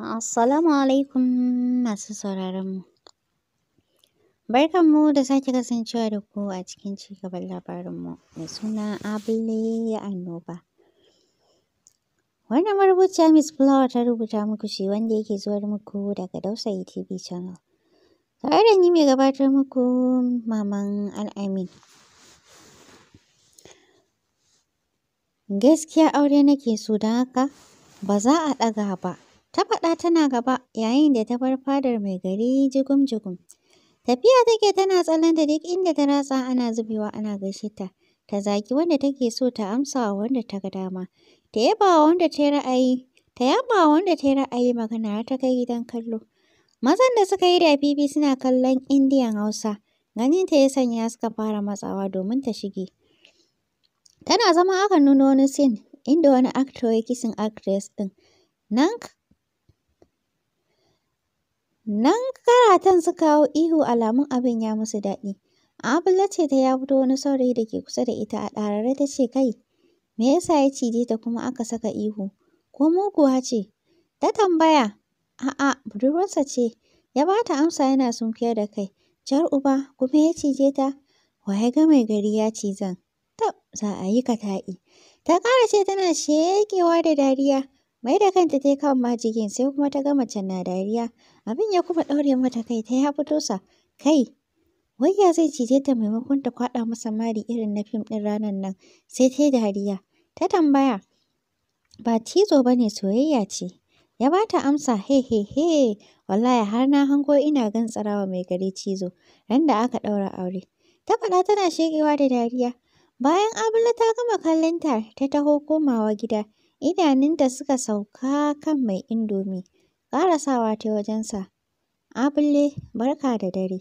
Assalamu alaikum masu sauraronmu. Barkanmu da sake kasancewa da ku a cikin cigaban labarinmu mai suna Abule annoba. Wannan marubuciya Miss Flower ta rubuta muku shi wanda yake zuwar muku daga Dausayi TV channel. Tare da ni mai gabatar muku Maman Al'amin. Gaskiya aure nake so don haka ba za a ɗaga ba. Ta faɗa tana gaba yayin da ta bar fadar mai gari jigum-jigum. Tafiya take tana tsallen da duk inda ta ratsa ana zubewa ana gaishe ta. Ta zaki wanda take so ta amsa wa wanda ta ga dama. Ta yaba wa wanda ta ra'ayi, ta yaba wa wanda ta ra'ayi magana har ta kai gidan kallo. Mazan da suka yi da Habibi suna kallon Indiyan Hausa. Ganin ta ya sanya suka fara matsawa domin ta shige. Tana zama aka nuna wani sin inda wani actor ya kisin actress ɗin. Nan Nan karatan su kawo ihu alamun abin ya musu daɗi. Abula ce ta ya fito wani saurayi da ke kusa da ita a ɗarare ta ce kai, me yasa ya cije ta kuma aka saka ihu? Ko muguwa ce? Ta tambaya. A'a, budurwarsa ce. Ya ba ta amsa yana sunkuyar da kai. Jar uba, kuma ya cije ta. Wa ga mai gari ya cizan? Tab, za a yi taɗi. Ta ƙara ce tana sheƙewa da dariya. Mai da kanta ta kan majigin sai kuma ta gama canna na dariya. Abin ya kuma ɗaure mata kai ta ya fito sa, kai, Wayya zai cije ta maimakon ta kwaɗa masa mari irin na fim ɗin ranar nan, sai ta yi dariya. Ta tambaya, ba cizo ba ne soyayya ce. Ya ba ta amsa, he he he, wallahi har na hango ina gantsarawa mai gari cizo, ran da aka ɗaura aure. Ta faɗa tana shegewa da dariya. Bayan Abula ta gama kallon ta taho komawa gida, idanunta suka sauka kan mai indomi. Ƙarasawa ta wajen wajensa. Abulle, barka da dare.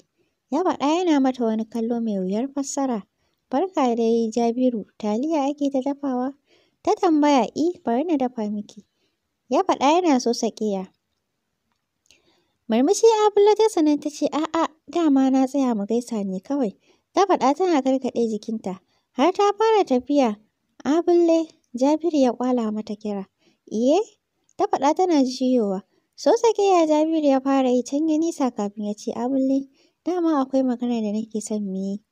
Ya faɗa yana mata wani kallo mai wuyar fassara. Barka dai Jabiru, taliya ake ta dafawa? Ta tambaya, i, eh, bari na dafa miki. Ya faɗa yana so saƙiya. Murmushi Abulle ta sanar ta ce, a'a, dama na tsaya mu gaisa ne kawai. Ta faɗa tana karkaɗe jikinta. Har ta fara tafiya, Abulle, Jabiru ya ƙwala mata kira. Iye, ta faɗa tana jiyowa. So ya Jabiru ya fara yi can ya nisa kafin ya ce abulle dama akwai magana da nake son mu yi.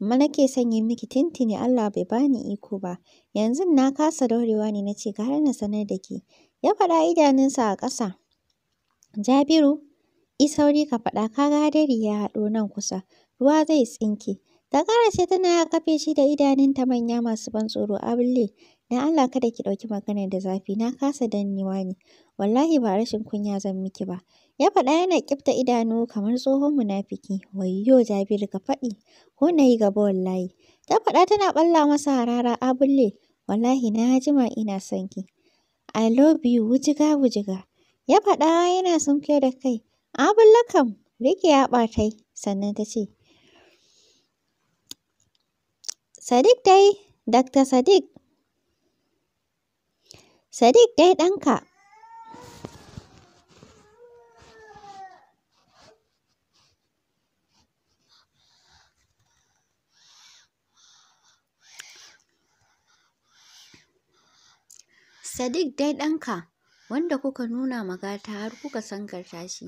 Amma nake son yi miki tintini Allah bai bani iko ba. Yanzu na kasa daurewa ne na ce har na sanar da ke. Ya faɗa idanunsa a ƙasa. Jabiru, i sauri ka faɗa ka ga hadari ya haɗo nan kusa. Ruwa zai tsinke. Ta ƙara ce tana kafe shi da idanunta manya masu ban tsoro abulle. Dan Allah kada ki ɗauki maganar da zafi, na kasa dannewa ne. Wallahi ba rashin kunya zan miki ba. Ya faɗa yana ƙifta idanu kamar tsohon munafiki. Wayyo Jabiru ka faɗi, ko na yi gaba wallahi. Ta faɗa tana ɓalla masa harara a bulle. Wallahi na jima ina son ki. I love you wujiga wujiga. Ya faɗa yana sunkuyar da kai. A bulle kam, rike ya ɓatai. Sannan ta ce, Sadiq dai, Dr. Sadiq, Sadiq dai ɗanka. Sadiq dai ɗanka wanda kuka nuna magata har kuka sangarta shi.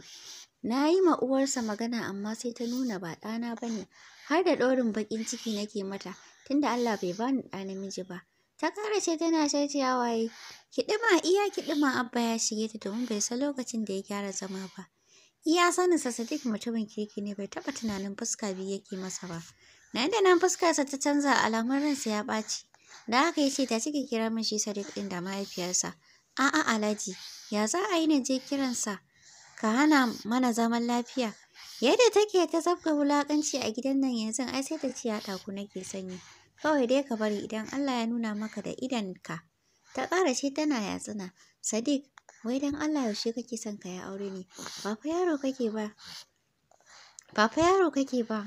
Na yi ma uwarsa magana amma sai ta nuna ba ɗana bane. har da ɗorin baƙin ciki nake mata tunda Allah bai bani ɗa namiji ba. Ta ce tana shajiya waye. Kiɗima iya kiɗima Abba ya shige ta domin bai san lokacin da ya gyara zama ba. Iya sa Sadiq mutumin kirki ne bai taba tunanin fuska biyu yake masa ba. Nan da nan fuskarsa ta canza alamun ransa ya baci Da haka yace ta cike kira min shi Sadiq ɗin da mahaifiyarsa. A'a alaji ya za a yi na je kiransa? Ka hana mana zaman lafiya. Yadda take ta zabga wulakanci a gidan nan yanzu ai sai ta ce ya ɗaku nake sanyi. kawai dai ka bari idan Allah ya nuna maka da ka Ta ƙara ce tana yatsuna, Sadiq, wai dan Allah yaushe kake son ka ya aure ne, ba fa yaro kake ba. Ba yaro kake ba,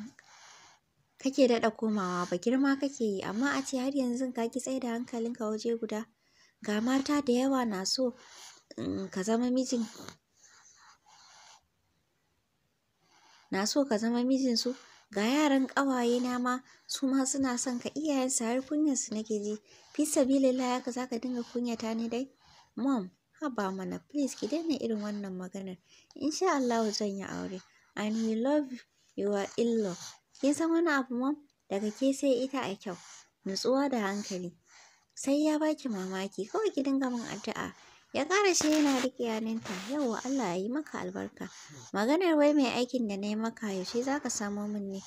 kake daɗa komawa ba girma kake yi, amma a ce har yanzu ka ki tsaye da hankalinka waje guda. Ga mata da yawa na so mm, ka zama mijin na so ka zama mijinsu Ga yaran ƙawayena ma su ma suna son ka iyayensu har kunyarsu nake ji. Fi sabilillahi haka za ka dinga kunyata ni dai? Mom, haba mana please ki daina irin wannan maganar. Insha Allahu zan yi aure and we love your in illo Kin san wani abu mom? Daga ke sai ita a kyau. Nutsuwa da hankali. Sai ya baki mamaki. Kawai ki dinga min addu'a. Ya ƙara shi yana riƙe yaninta, yauwa Allah ya yi maka albarka. Maganar wai mai aikin da na yi maka yaushe za ka samo min ne.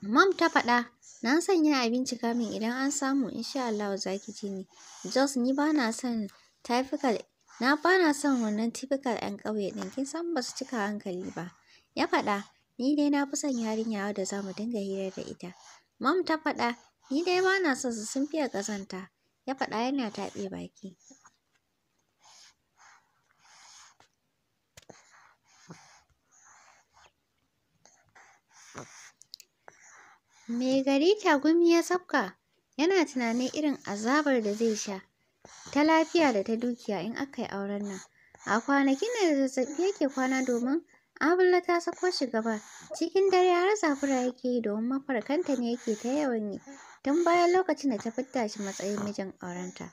Mam ta faɗa, na sanya abinci kamin idan an samu insha Allah za ki ji ni. Jos ni ba na son typical na ba na son wannan typical ɗan ƙauye ɗin kin san ba su cika hankali ba. Ya faɗa, ni dai na fi son yarinya da za mu dinga hira da ita. Mam ta faɗa, ni dai ba na son su sun fiye ƙazanta. Ya faɗa yana taɓe baki. Me gari tagumi ya sabka, yana tunanin irin azabar da zai sha, ta lafiya da ta dukiya in aka yi auren nan. A kwanakin nan da zazzaɓi yake kwana domin Abula ta sako shi gaba, cikin dare har zafura yake yi domin mafarkanta ne yake ta yawan yi, tun bayan lokacin da ta fidda shi matsayin mijin aurenta.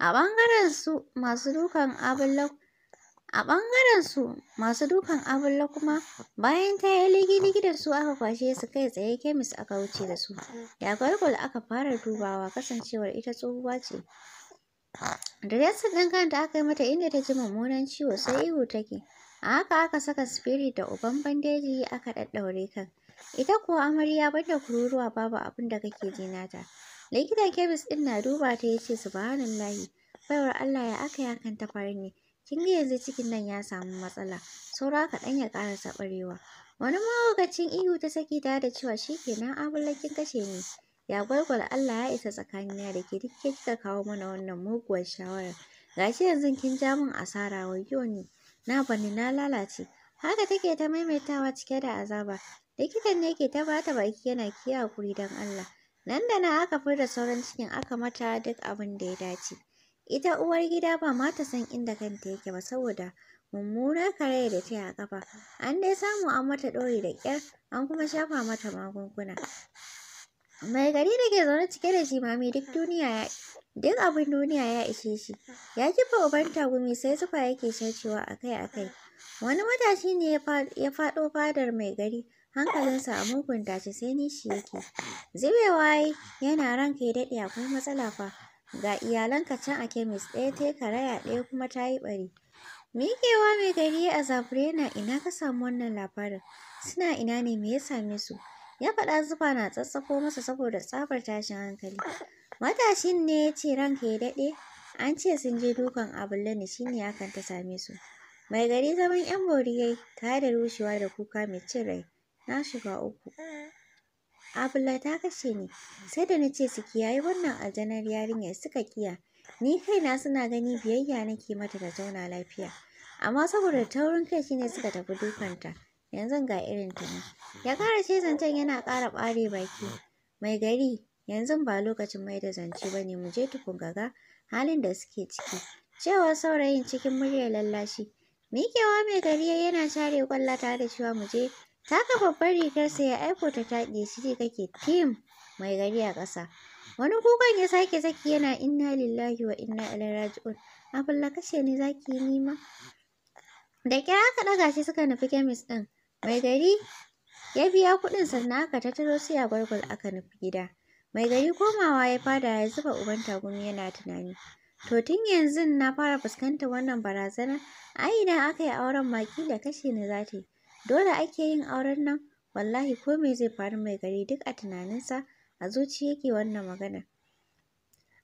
A ɓangaren su masu dukan Abula A ɓangaren su masu dukan abulla kuma bayan ta yi ligi-ligi da su aka kwashe su kai tsaye kemis aka wuce da su. ya gwalgwal aka fara dubawa kasancewar ita tsohuwa ce. Da Diresin ɗin da aka yi mata inda ta ji mummunan ciwo sai ihu take. A haka aka saka spirit da uban bandeji aka ɗaɗɗaure kan. Ita kuwa amarya banda kururuwa babu abin da kake ji nata. Likitan kemis ɗin na duba ta ya ce subhanallahi baiwar Allah ya aka yakan ta faru ne. kin ga yanzu cikin nan ya samu matsala saura kaɗan ya ƙara ɓarewa wani mahaukacin ihu ta saki ta da cewa shi kenan abula kin kashe ni ya gwargwar Allah ya isa tsakanina da ke duk kika kawo mana wannan muguwar shawarar gashi yanzu kin ja min asara wayyo ni na bani na lalace haka take ta maimaitawa cike da azaba likitan ne ke ta bata baki yana kiya hakuri don Allah nan da nan aka da sauran cikin aka mata duk abin da ya dace Ita uwar gida ba ma ta san inda kanta yake ba saboda mummunar karaya da ta a ƙafa. An dai samu an mata ɗori da ƙyar an kuma shafa mata magunguna. Mai gari da ke zaune cike da jimami duk duniya ya duk abin duniya ya ishe shi. Ya kifa uban gumi sai zufa yake sharcewa akai-akai. Wani matashi ne ya faɗo fadar mai gari. hankalinsa a mugun tashi sai nishi yake zubewa yana ranka ya daɗe akwai matsala fa Ga iyalanka can a kemis ɗaya ta yi karaya ɗaya kuma ta yi ɓari. Miƙewa mai gari a zafure yana ina ka samu wannan labarin? Suna ina ne me ya same su? Ya faɗa zufa na tsatsako masa saboda tsabar tashin hankali. Matashin ne ya ce ranka ya daɗe, an ce sun je dukan abulle ne shine hakan ta same su. Mai gari zaman 'yan bori yayi tare da rushewa da kuka mai cin rai. Na shiga uku. Abula ta kashe ni, sai da na ce su kiyaye wannan aljanar yarinyar suka kiya. Ni kaina suna gani biyayya nake mata da zauna lafiya. Amma saboda taurin kai shine suka tafi dukanta. Yanzu ga irin ta ne. Ya ƙara ce zancen yana ƙara ɓare baki. Mai gari, yanzu ba lokacin mai da zance ba ne mu je tukun gaga halin da suke ciki. Cewa saurayin cikin murya lallashi. Mikewa mai gari yana share kwalla tare da cewa mu je Taka babbar rigarsa ya aiko ta taɗe shi ne kake tim mai gari a ƙasa. Wani kukan ya sake saki yana inna lillahi wa inna ilaihi raji'un. Abin kashe ni zaki yi nima. Da kira aka ɗaga shi suka nufi kemis ɗin. Mai gari ya biya kuɗin sannan aka tattaro su ya gwargwar aka nufi gida. Mai gari komawa ya fada ya zuba uban tagumi yana tunani. To tun yanzu na fara fuskantar wannan barazana, ai idan aka yi auren maki da kashe ni za yi. Dole ake yin auren nan? Wallahi komai zai faru mai gari duk a tunaninsa a zuci yake wannan magana.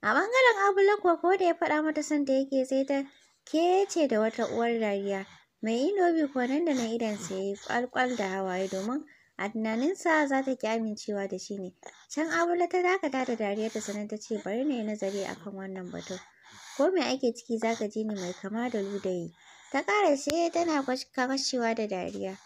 A ɓangaren Abula kuwa ko da ya faɗa mata son da yake sai ta kece da wata uwar dariya. Mai inobi kuwa nan da na idonsa ya yi kwalkwal da hawaye domin a tunaninsa za ta ƙi amincewa da shi ne. Can Abula ta dakata da dariyar ta sanar ta ce bari na yi nazari akan wannan batun. Ko me ake ciki za ka ji ni mai kama da ludayi. Ta ƙara siye tana fashewa da dariya.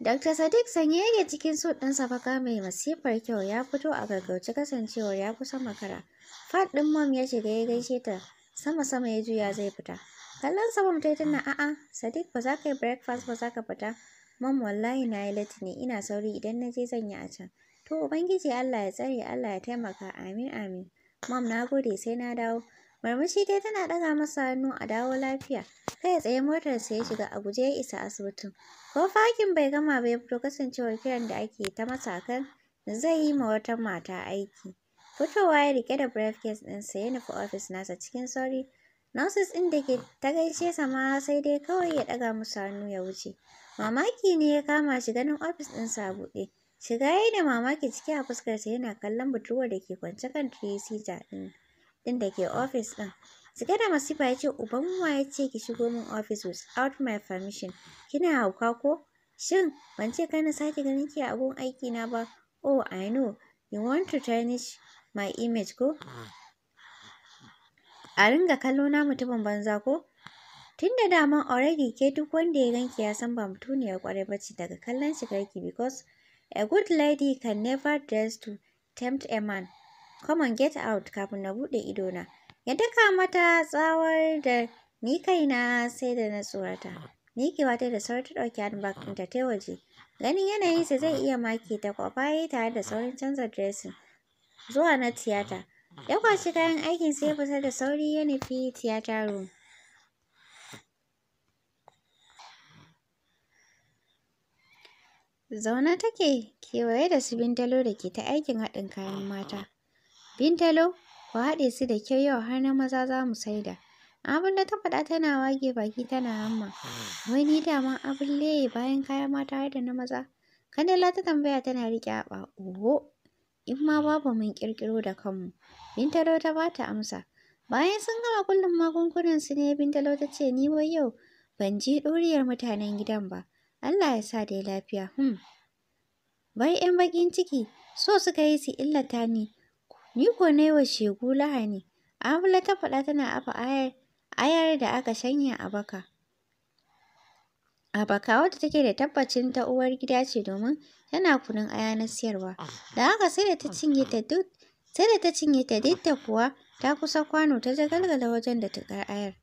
Dr. Sadiq sanye yake cikin sut ɗinsa safaka mai masifar kyau ya fito a gaggauce kasancewar ya kusa makara. Fat ɗin mom ya shiga ya gaishe ta sama-sama ya juya zai fita. Kallon sabon ta tana a'a Sadiq ba za ka yi breakfast ba za ka fita. Mom wallahi na yi latti ne ina sauri idan na je zan yi a can. To Ubangiji Allah ya tsare Allah ya taimaka amin amin. Mom na gode sai na dawo. Marmashi dai tana ɗaga masa hannu a dawo lafiya. Kai tsaye motarsa ya shiga a guje ya isa asibitin. Ko fakin bai gama ba fito kasancewar kiran da ake ta masa kan zai yi ma wata mata aiki. Fitowa ya riƙe da briefcase ɗinsa ya nufi ofis nasa cikin sauri. Nurses ɗin da ke ta gaishe sa ma sai dai kawai ya ɗaga musu hannu ya wuce. Mamaki ne ya kama shi ganin ofis ɗin a buɗe. Shiga yayi da mamaki ciki a fuskarsa yana kallon budurwar da ke kwance kan tiresita ɗin. ɗin da ke ofis ɗin. Cike da masifa ya ce, Uban wa ya ce ki shigo min ofis without my permission. Kina hauka ko? Shin, ban ce kana sake ganin ki a gun aiki na ba. Oh, I know. You want to tarnish my image ko? A ringa kallo na mutumin banza ko? Tun da daman already ke duk wanda ya ganki ya san ba mutuniyar kwarai ba ce daga kallon shigarki because a good lady can never dress to tempt a man. Common on get out kafin na buɗe idona. Ya daka mata tsawar da ni kaina sai da na tsorata. Ni ke wata da sauri ta ɗauki handbag ɗinta ta waje. Ganin yanayin sa zai iya maki ta kwafa tare da saurin canza dressing zuwa na tiyata. Ya kwashi kayan aikin sai ya fita da sauri ya nufi tiyata room. Zaune take kewaye da su bindalo da ke ta aikin haɗin kayan mata. Bintalo, ku haɗe su da kyau yau har na maza za mu saida. Abin da ta faɗa tana wage baki tana hamma. Wai ni ma abin leye bayan kayan mata har da na maza. Kandala ta tambaya tana riƙe haɓa. Oho, in ma babu mun ƙirƙiro da kanmu. Bintalo ta ba ta amsa. Bayan sun gama kullum magungunan su ne Bintalo ta ce ni wai yau ban ji ɗuriyar mutanen gidan ba. Allah ya sa dai lafiya. Hmm. Bai 'yan bakin ciki so suka yi su illata ni. Ni ko na yi wa shegu lahani. abula ta faɗa tana afa ayar, da aka shanya a baka. A baka wadda take da tabbacin ta uwar gida ce domin tana kunun aya na siyarwa. Da haka sai da ta cinye ta duk ta kuwa ta kusa kwano ta jagalgala wajen da kar ayar.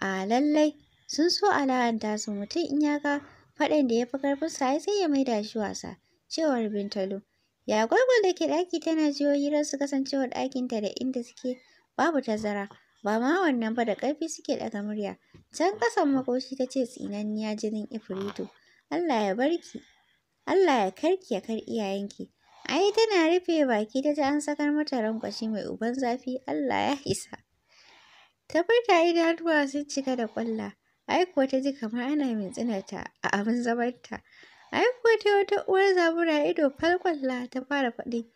A lallai sun so alahanta su mutum in ya ga faɗin da ya fi ƙarfinsa sai ya maida shi wasa. Cewar Bintalo Ya gwargwar da ke ɗaki tana jiyo hirar su kasancewar ɗakinta da inda suke babu tazara. Ba ma wannan ba da ƙarfi suke ɗaga murya. Can ƙasan makoshi ta ce tsinanniya jinin Ifiritu. Allah ya barki. Allah ya karki ya kar iyayenki. Ai tana rufe baki ta ta an sakar mata rankwashi mai uban zafi Allah ya isa. Ta furta idanuwa sun cika da ƙwalla. Ai kuwa ta ji kamar ana mintsinarta a abin zabarta. ai ko ta wata uwar zabura ido falkwalla ta fara faɗi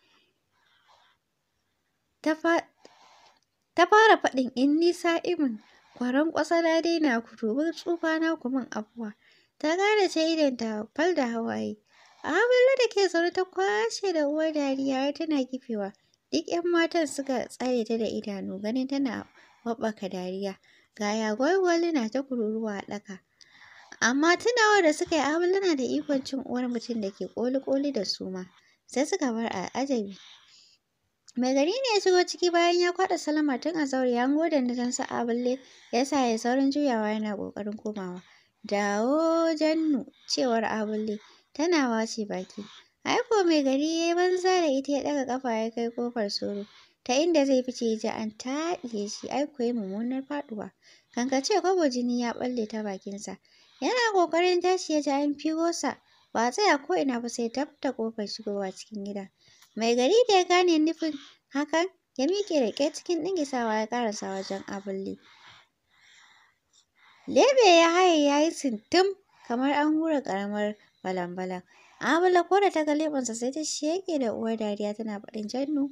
ta fara faɗin in nisa imin kwaron ƙwasa na daina ku tobi tsufa na min abuwa ta gane ce ta fal da hawaye Amalu da ke zaune ta kwashe da uwar dariya tana kifewa. Duk 'yan matan suka tsare ta da idanu ganin tana waɓaka dariya. Ga yagwalgwali na ta kururuwa a ɗaka. Amma tunawa da suka yi abulana da ikon cin uwar mutum da ke koli-koli da su ma, sai suka bar a ajabi. Mai gari ne ya shigo ciki bayan ya kwaɗa salama tun a zaure ya da dandadan sa abulle ya sa ya saurin juyawa yana ƙoƙarin komawa. Dawo Jannu cewar abulle tana wace baki. Aiko mai gari ya yi banza da ita ya ɗaga ƙafa ya kai ƙofar soro. Ta inda zai fice ya ji an taɗe shi aiko ya mummunar faɗuwa. Kankace kwabo jini ya ɓalle ta bakinsa. Yana ƙoƙarin tashi ya ji an sa, ba a tsaya ko ina ba sai dab da ƙofar shigowa cikin gida. Mai gari da ya gane nufin hakan, ya miƙe da cikin ɗingisawa ya ƙarasa wajen abulle. Lebe ya haye ya yi sintim kamar an hura ƙaramar balan-balan. ko da ta ga leɓensa sai ta sheke da uwar dariya tana faɗin jannu.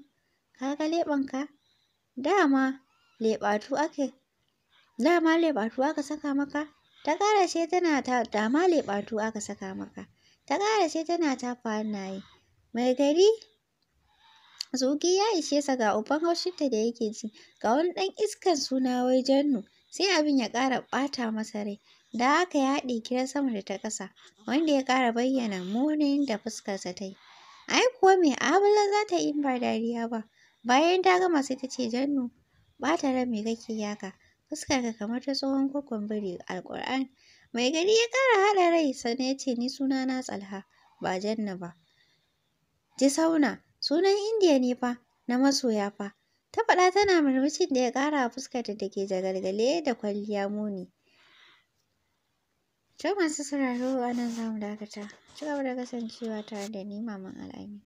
Ka ga Dama leɓatu ake. Dama leɓatu aka saka maka? Ta ƙara ce tana ta dama leɓatu aka saka maka. Ta ƙara ce tana ta hannaye. Mai gari zugi ya ishe sa ga uban haushinta da yake ji. Ga wani ɗan iskan suna wai Jannu. Sai abin ya ƙara ɓata masa rai. Da haka ya haɗe kiran sama da ta ƙasa, wanda ya ƙara bayyana munin da fuskarsa ta yi. Ai kuwa mai abula za ta yi ba dariya ba. Bayan ta gama sai ta ce Jannu, ɓata ran me kake yaka? fuskarka kamar ta tsohon kwakwan biri alƙur'an mai gari ya ƙara haɗa rai sannan ya ce ni suna na tsalha ba janna ba Ji sauna. sunan indiya ne fa na masoya fa ta faɗa tana murmushin da ya ƙara a fuskarta da ke jagalgale da kwalliya muni to masu sauraro a nan za mu dakata ci gaba da kasancewa tare da ni maman al'ayi